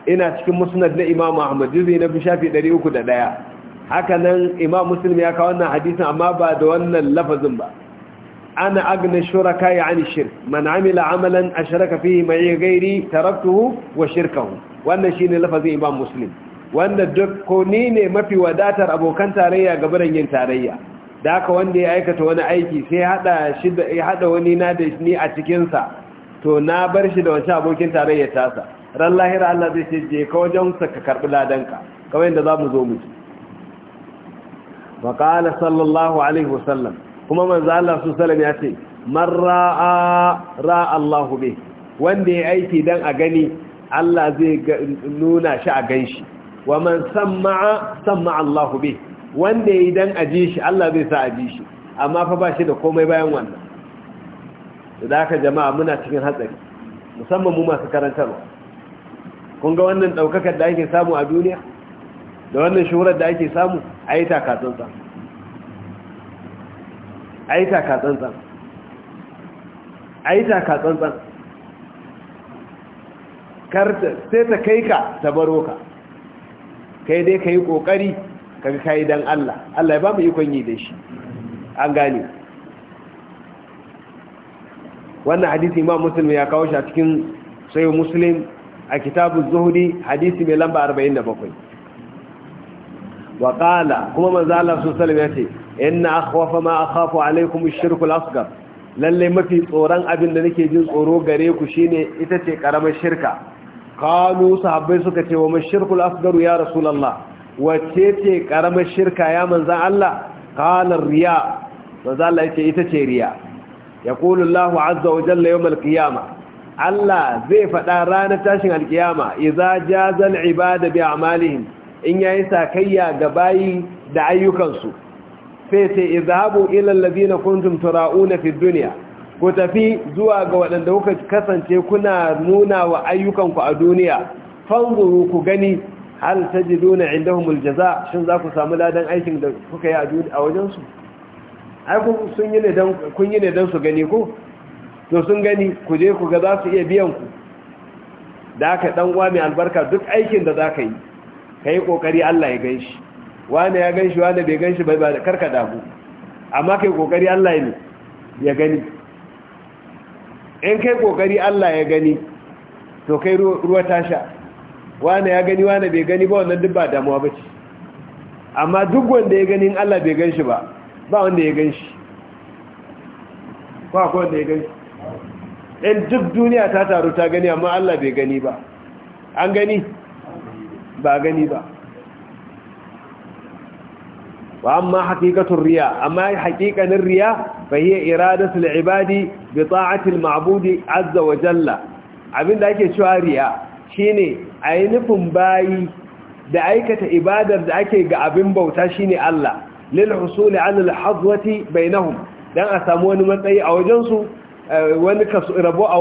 ina cikin musnad na Imam Ahmad juzi na bishafi 301 haka nan Imam Muslim ya kawo wannan hadisin amma ba da wannan lafazin ba ana agna shuraka ya ani shirk man amila amalan ashraka fihi ma'i ghairi taraktuhu wa shirkahu wannan shine lafazin imam muslim wanda duk ko ni ne mafi wadatar abokan tarayya ga barin yin tarayya da haka wanda ya aikata wani aiki sai hada shi hada wani na da ni a cikin sa to na bar shi da wancan abokin tarayya tasa ran lahira Allah zai ce je ka wajen sa ka karbi ladanka kamar yadda zamu zo mu ji wa qala sallallahu alaihi wasallam kuma manzo Allah su ya ce mara ra'a ra'a Allah be wanda ya aiki dan a gani Allah zai nuna shi a ganshi wa man sam'a sam'a Allah be wanda ya yi dan a ji shi Allah zai sa a ji shi amma fa ba shi da komai bayan wannan da haka jama'a muna cikin hatsari musamman mu masu karantarwa kun ga wannan daukakar da ake samu a duniya da wannan shuhurar da ake samu a yi takatsantsa a yi ka tsantsan a tsantsan sai ta kai ka ta baro ka kai dai ka yi ƙoƙari kaga ka yi don Allah Allah ya ba mu ikon yi da shi an gane wannan hadisi imam muslim ya kawo shi a cikin sayo muslim a kitabun zuhudi hadisi mai lamba 47 wa ƙala kuma manzo Allah su salam ya ce inna akhwafa ma akhafu alaikum ash-shirku al-asghar lalle mafi tsoron abin da nake jin tsoro gare ku shine ita ce karamar shirka kanu sahabbai suka ce wa mashirku al-asghar ya rasulullah wace ce karamar shirka ya manzan Allah qala riya manzan Allah yace ita ce riya yaqulu Allahu azza wa jalla yawm al-qiyamah Allah zai faɗa ranar tashin alkiyama iza jazal ibada bi amalihim in yayi sakayya ga bayi da ayyukansu sai ce izhabu ila allazina kuntum tura'una fi dunya ku tafi zuwa ga waɗanda kuka kasance kuna nuna wa ku a duniya fanzuru ku gani hal tajiduna indahum aljaza shin za ku samu ladan aikin da kuka yi a wajen su ai ku sun yi ne dan kun yi ne dan su gani ko to sun gani ku je ku ga za su iya biyan ku da aka dan uwa mai albarka duk aikin da za ka yi kai kokari Allah ya gaishe wane ya gan shi wane bai gan shi bai ba da karka damu amma kai kokari Allah ne ya gani in kai kokari Allah ya gani to kai ruwa ta sha wane ya gani wane bai gani ba wannan duk ba damuwa ba ce amma duk wanda ya gani in Allah bai gan shi ba ba wanda ya gan shi ba ko wanda ya gan shi in duk duniya ta taru ta gani amma Allah bai gani ba an gani ba gani ba wa amma haqiqatur riya amma haqiqanin riya fa hiya iradatu al-ibadi bi ta'ati al-ma'budi azza wa jalla abinda ake cewa riya shine ayi nufin bayi da aikata ibadar da ake ga abin bauta shine Allah lil husuli 'ala al-hadwati bainahum dan a samu wani matsayi a wajen su eh, kasu rabo a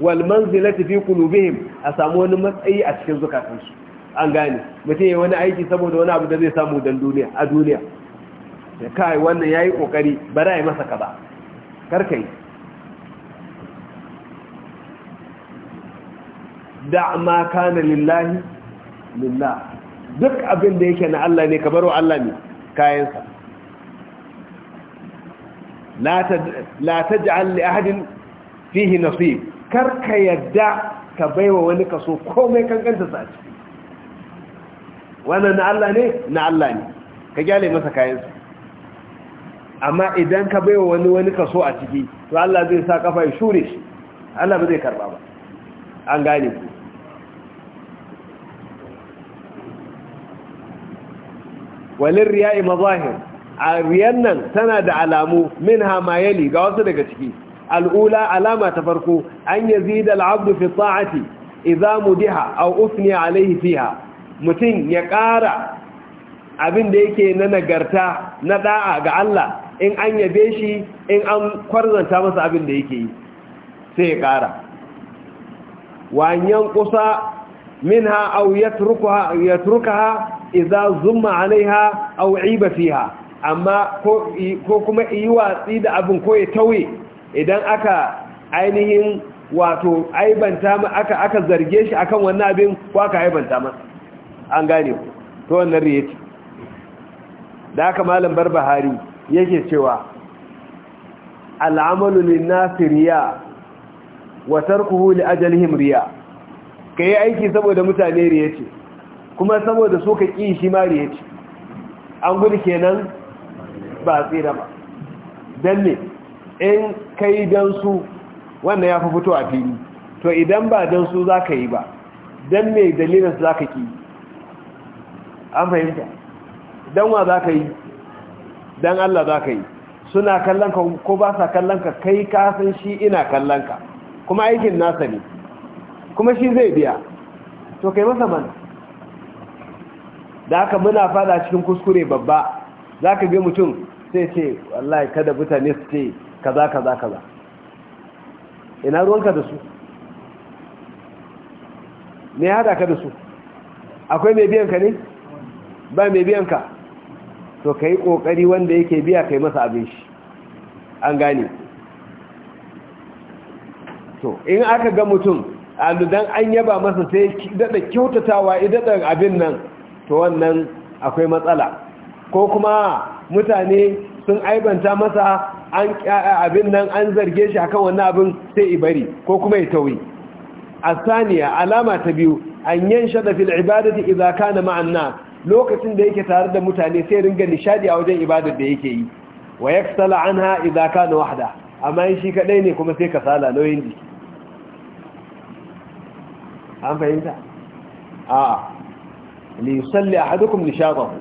wal manzilati fi qulubihim a samu wani matsayi a cikin zukatansu an gane mutum ya wani aiki saboda wani abu da zai samu don duniya a duniya da kai wannan yi kokari bara ya masa kaza karkai da ma kana lillahi lillah duk abin da yake na Allah ne ka baro Allah ne kayansa la taj'al li ahadin fihi nasib karka yadda ka baiwa wani kaso komai kankanta sa a ciki wannan na Allah ne na Allah ne ka gyale masa kayansu amma idan ka bai wa wani wani kaso a ciki to Allah zai sa kafa ya shure shi Allah ba zai karba ba an gane ku walin riya'i mazahir a riyan nan tana da alamu min hamayali ga wasu daga ciki al'ula alama ta farko an da al'abdu fi ta'ati idza mudiha aw usni alayhi fiha mutum ya ƙara abin da yake na nagarta na ɗa'a ga Allah in an yabe shi in an kwarzanta masa abin da yake yi sai ya ƙara wanyan kusa min ha minha aw turuka yatrukaha idza zumma alaiha au iba fiha amma ko kuma yi watsi da abin ko ya tawe idan aka ainihin wato aibanta ma aka zarge shi akan wannan abin ko aka aibanta masa an gane ku to wannan riya ce da aka malam barbahari yake cewa al'amalu linnasi riya wa tarkuhu li ajalihim riya kai aiki saboda mutane riya ce kuma saboda su ka kishi shi ma riya ce an gudu kenan ba tsira ba dan ne in kai dan su wannan ya fi fito a fili to idan ba dan su zaka yi ba dan me dalilin su zaka ki an fahimta don wa za ka yi don Allah za ka yi suna kallon ka ko ba sa kallon ka kai kasan shi ina kallon ka kuma aikin nasa ne kuma shi zai biya to kai masa mana da haka muna fada cikin kuskure babba za ka ga mutum sai ce wallahi kada mutane su ce kaza kaza kaza ina ruwanka da su ne haɗa ka da su akwai mai biyan ka ne ba mai biyan ka to ka yi ƙoƙari wanda yake biya ka yi masa abin shi an gane to in aka ga mutum aludan an yaba masa sai daɗa kyautatawa idaɗa abin nan to wannan akwai matsala ko kuma mutane sun aibanta masa an abin nan an zarge shi akan wannan abin sai bari, ko kuma ya tawi asaniya alama ta biyu an yanshada fil ibadati idza kana ma'an nas lokacin da yake tare da mutane sai ringa nishadi a wajen ibadar da yake yi wa yaksala anha idza kana wahda amma in shi kadai ne kuma sai kasala nauyin jiki an fahimta a li yusalli ahadukum nishadahu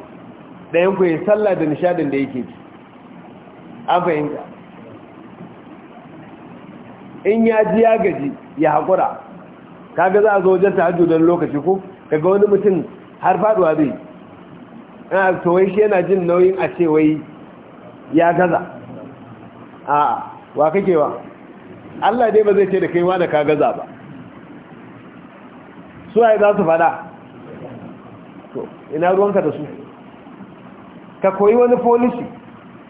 dayan ku yi sallah da nishadin da yake ji an fahimta in ya ji ya gaji ya haƙura kaga za a zo wajen tahajjud don lokaci ko kaga wani mutum har faduwa zai Ah, to wai shi yana jin nauyin a ce wai ya gaza a ah, wa kake wa Allah dai ba zai ce da kai wani ka gaza ba su ai za su fada to ina ruwanka da su ka koyi wani policy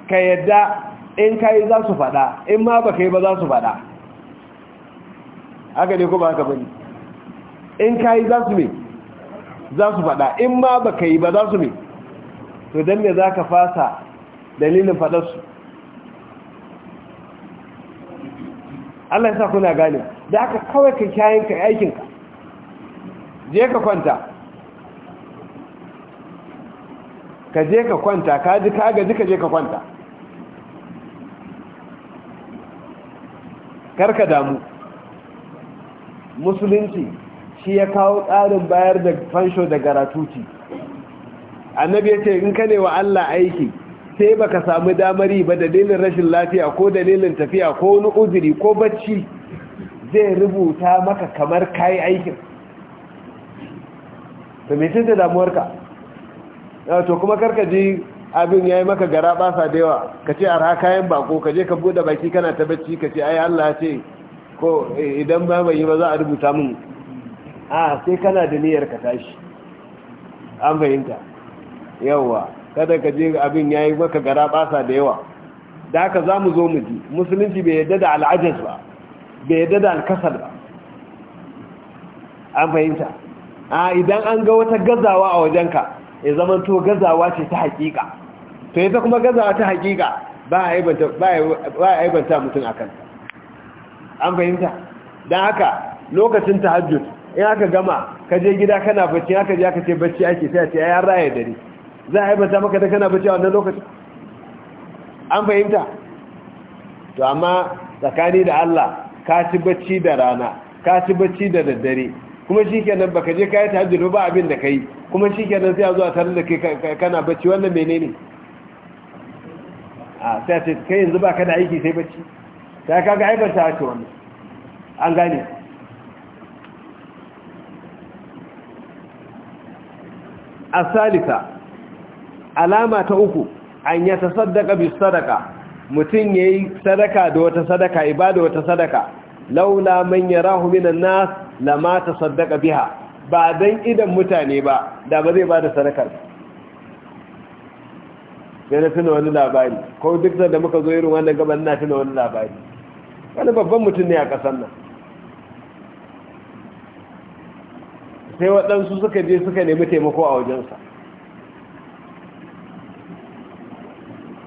ka yadda in yi za su fada in ma ba kai ba za su fada haka ne ko ba haka bane in yi za su me za su fada in ma ba kai ba za su me to don me za ka fasa dalilin faɗarsu Allah ya sa kuna gane da aka kawai ka kyayin ka aikinka je ka kwanta ka je ka kwanta ka ji ka gaji ka je ka kwanta karka damu musulunci shi ya kawo tsarin bayar da fansho da garatuti annabi ya ce in ka ne wa Allah aiki sai baka samu damari ba dalilin rashin lafiya ko dalilin tafiya ko wani uzuri ko bacci zai rubuta maka kamar kayi aikin to mai cinta da damuwarka to kuma karka ji abin ya yi maka gara basa da yawa kace arha kayan bako kaje ka buɗe baki kana ta bacci kace ai Allah ce ko eh, idan ba mai yi ba za a rubuta mun a sai kana da niyyar ka tashi an fahimta yawa kada ka je abin yayi maka gara basa da yawa da haka za mu zo mu ji musulunci bai yadda da al'ajaz ba bai yadda da alkasar ba an fahimta a idan an ga wata gazawa a wajenka ya zama to gazawa ce ta hakika to ita kuma gazawa ta hakika ba a aibanta mutum a kanta an fahimta don haka lokacin tahajjud in aka gama ka je gida kana bacci aka je aka ce bacci ake sai a ce ya raya dare za a haibata maka da kana bacewa a wannan lokacin an fahimta to amma tsakani da Allah ka ci bacci da rana ka ci bacci da daddare kuma shikenan baka je kai tahajjud ba abin da kai kuma shikenan sai a zuwa tare da kai kana bacci wannan mene ne? a sai ce kai yanzu ba da aiki sai bacci sai kaga aibanta haka wannan an gane Salisa. alama ta uku an ya bi sadaka, mutum ya yi sadaka da wata sadaka ibada wata sadaka laula manya rahu minan nas lama sadaka biha ba dan idan mutane ba da ba zai ba da sadakar ya na tuna wani labari ko duk da muka zo irin wannan gaban na tuna wani labari wani babban mutum ne a ƙasar nan sai waɗansu suka je suka nemi taimako a wajensa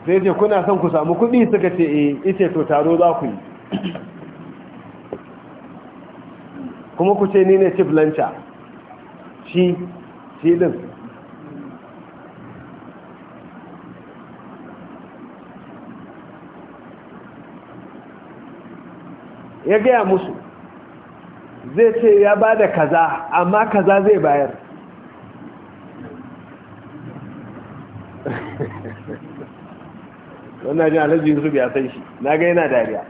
sai ce kuna son ku samu kuɗi suka ce eh. e ita to taro za ku yi kuma ku ce ni ne chief lancha shi shi din ya gaya musu zai ce ya ba da kaza amma kaza zai bayar wannan jin alhaji yusuf ya san shi na ga yana dariya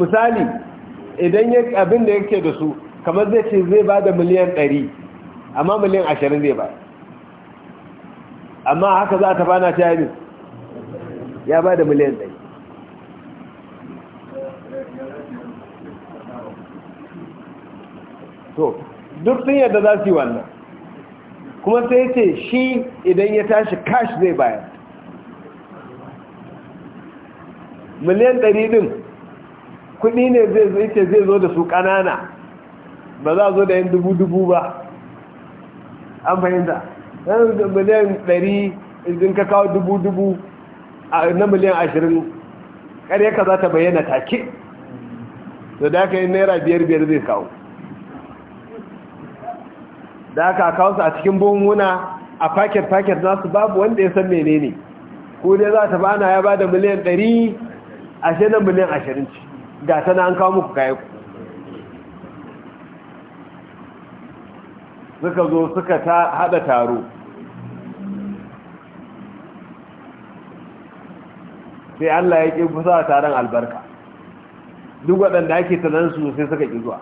misali idan abin da yake da su kamar zai ce zai ba da miliyan 100 amma miliyan 20 zai ba amma haka za ta bana ta yi ya ba da miliyan 100 to duk sun yadda za su yi wannan kuma sai ce shi idan ya tashi cash zai bayar miliyan ɗari ɗin kuɗi ne zai zai ce zai zo da su ƙanana ba za zo da yin dubu-dubu ba an fahimta ɗan miliyan ɗari idan ka kawo dubu-dubu na miliyan ashirin ƙarya ka za ta bayyana take da da aka yi naira biyar-biyar zai kawo da aka kawo su a cikin buhunhuna a paket-paket nasu babu wanda ya san menene ko dai za ta ba ana ya ba da miliyan 100 a na miliyan 20 ga ta na an kawo muku ku suka zo suka hada taro sai Allah ya ƙi fusa taron albarka duk waɗanda ake tunan su sai suka ƙi zuwa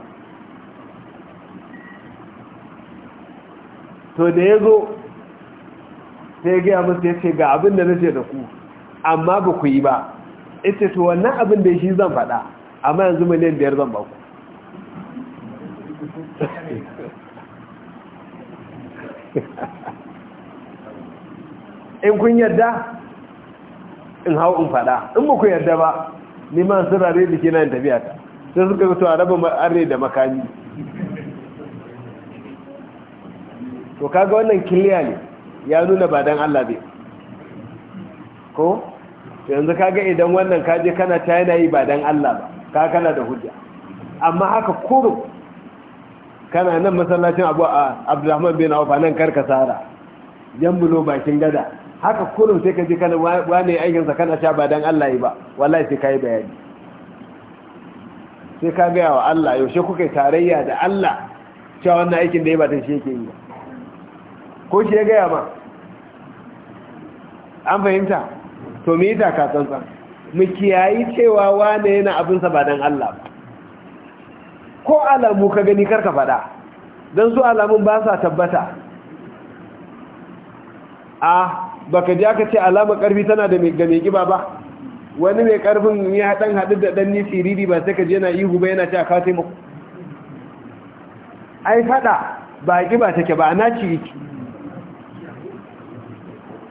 to da ya zo sai ya gaya musu ya ce ga abin da na ce da ku amma ba ku yi ba ita to wannan abin da shi zan faɗa amma yanzu miliyan biyar zan ba ku in kun yadda in hau in faɗa in ba ku yadda ba neman sirare da ke nan tafiya ta sai suka zuwa rabin arne da makami to kaga wannan kiliya ne ya nuna ba dan Allah bai ko yanzu kaga idan wannan kaje kana ta yanayi ba dan Allah ba ka kana da hujja amma haka kuro kana nan masallacin abu a abdurrahman bin awfa nan karkasara yan bulo bakin gada haka kurun sai ka ji kana wane aikinsa kana sha ba dan Allah yi ba wallahi sai ka bayani sai ka gaya wa Allah yaushe kuka tarayya da Allah cewa wannan aikin da ya ba ta shi yake yi ba ko shi ya gaya ma an fahimta to me yi taka tsantsan mu kiyayi cewa wane yana abinsa ba don Allah ba ko alamu ka gani karka fada don su alamun ba sa tabbata a baka ji aka ce alamun karfi tana da mai giba ba wani mai karfin ya dan hadu da dan ni siriri ba sai ka je na ihu ba yana ce a kawo ai fada ba giba take ba na ci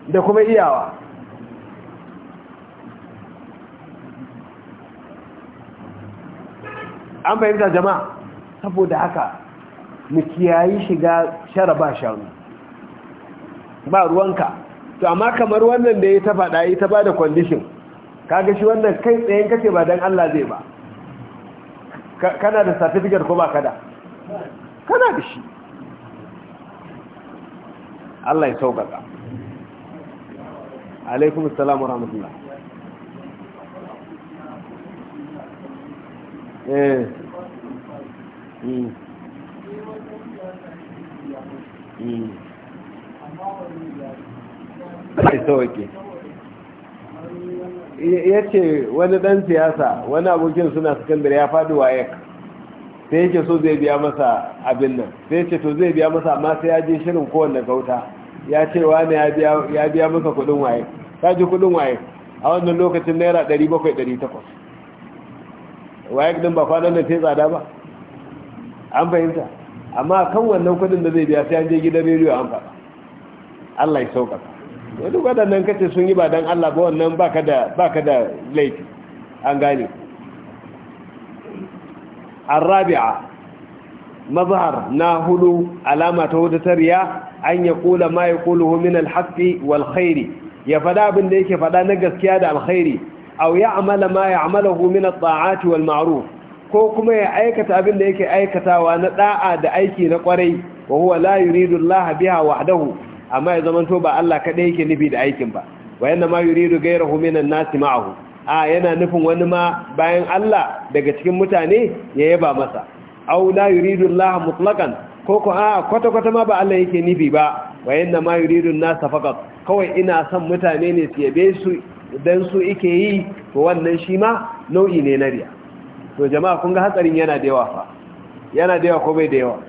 da kuma iyawa an fahimta jama'a saboda haka mu kiyayi shiga shara ba shanu ba ruwanka to amma kamar wannan da ya ta fada ya ta ba da kwandishin kaga shi wannan kai tsayen kace ba don Allah zai ba kana da certificate ko ba kada kana da shi Allah ya sauƙaƙa alaikum assalam wa rahmatullah eh. hmm. Hmm. ya ce wani dan siyasa wani abokin suna sakandare ya faɗi waye sai yake so zai biya masa abin nan sai ce to zai biya masa amma sai ya je shirin kowanne gauta ya ce wa ne ya biya masa kudin waye ta ji kudin waye a wannan lokacin naira 700-800 waye kudin ba kwanan da sai tsada ba an fahimta amma kan wannan kudin da zai biya sai an je gidan rediyo an faɗa allah ya sauka wani waɗannan kace sun yi ba don allah ba wannan baka da laifi an gane الرابعة مظهر ناهل علامة هدتريا an ya kula ma ya kula homin alhaqqi wa alkhairi. ya fada abin da yake fada na gaskiya da alkhairi wuya amala ma ya amala homin alta'ati wal ko kuma ya aikata abin da yake aikatawa na ɗa'a da aiki na kwarai wa huwa la yuridu Allah biha wahdahu amma ya zamanto ba Allah kaɗai yake nufi da aikin ba wa yana ma yuridu gaira homin alnasi ma'ahu a yana nufin wani ma bayan Allah daga cikin mutane ya yaba masa aula la yuridu Allah mutlaqan ko ko a kwata-kwata ma ba Allah yake nufi ba wa yanda ma yuridun nasa faqat kawai ina son mutane ne su yabe su dan su yake yi to wannan shi ma nau'i ne na riya to jama'a kun ga hatsarin yana da yawa fa yana da yawa ko bai da yawa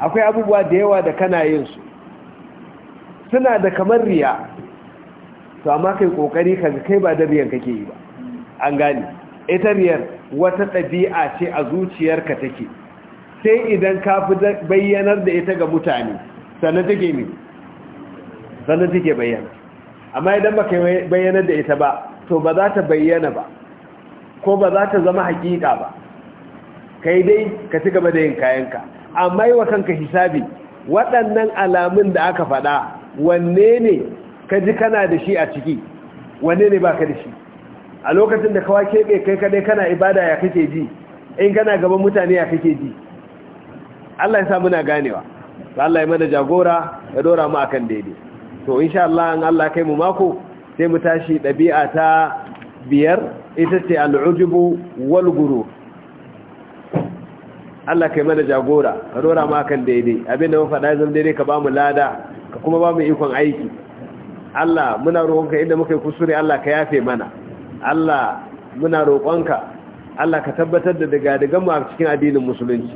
akwai abubuwa da yawa da kana yin su suna da kamar riya to amma kai kokari ka kai ba da riyan kake yi ba an gane ita riyar wata ɗabi'a ce a zuciyarka take sai idan ka fi bayyanar da ita ga mutane sannan take ne sannan take bayyana amma idan ba ka bayyanar da ita ba to ba za ta bayyana ba ko ba za ta zama hakika ba kai dai ka ci gaba da yin kayanka amma yi wa kanka hisabi waɗannan alamun da aka faɗa wanne ne ka ji kana da shi a ciki wanne ne ba ka da shi a lokacin da kawa keɓe kai kaɗai kana ibada ya kake ji in kana gaban mutane ya kake ji Allah ya sa muna ganewa Allah ya mana jagora ya dora mu akan daidai to insha Allah in Allah kai mu mako sai mu tashi dabi'a ta biyar ita ce al'ujubu wal guru Allah kai mana jagora ka dora mu akan daidai abinda mun faɗa zan daidai ka ba mu lada ka kuma mu ikon aiki Allah muna roƙonka inda muka yi kusuri Allah ka yafe mana Allah muna roƙonka Allah ka tabbatar da daga daga mu a cikin addinin musulunci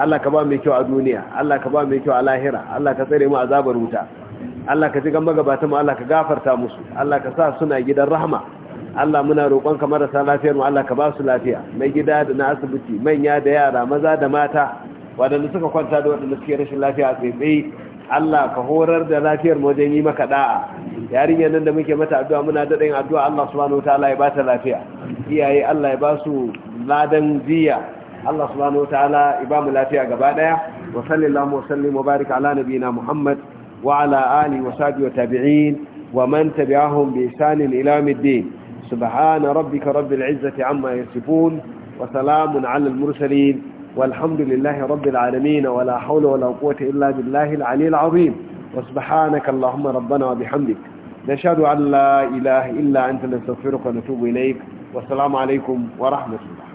Allah ka ba mai kyau a duniya Allah ka ba mai kyau a lahira Allah ka tsare mu azabar wuta Allah ka ji gan magabata mu Allah ka gafarta musu Allah ka sa suna gidan rahma. Allah muna roƙon ka marasa lafiyar mu Allah ka ba su lafiya mai gida da na asibiti manya da yara maza da mata waɗanda suka kwanta da waɗanda suke rashin lafiya a tsaitsaye Allah ka horar da lafiyar mu wajen yi maka da'a yarinyar nan da muke mata addu'a muna da addu'a Allah subhanahu ta'ala ya ba ta lafiya iyaye Allah ya ba su ladan jiya الله سبحانه وتعالى إبام الأتياء قبادية وصلي الله وسلم وبارك على نبينا محمد وعلى آله وسادي وتابعين ومن تبعهم بإحسان الإلام الدين سبحان ربك رب العزة عما يصفون وسلام على المرسلين والحمد لله رب العالمين ولا حول ولا قوة إلا بالله العلي العظيم وسبحانك اللهم ربنا وبحمدك نشهد أن لا إله إلا أنت نستغفرك ونتوب إليك والسلام عليكم ورحمة الله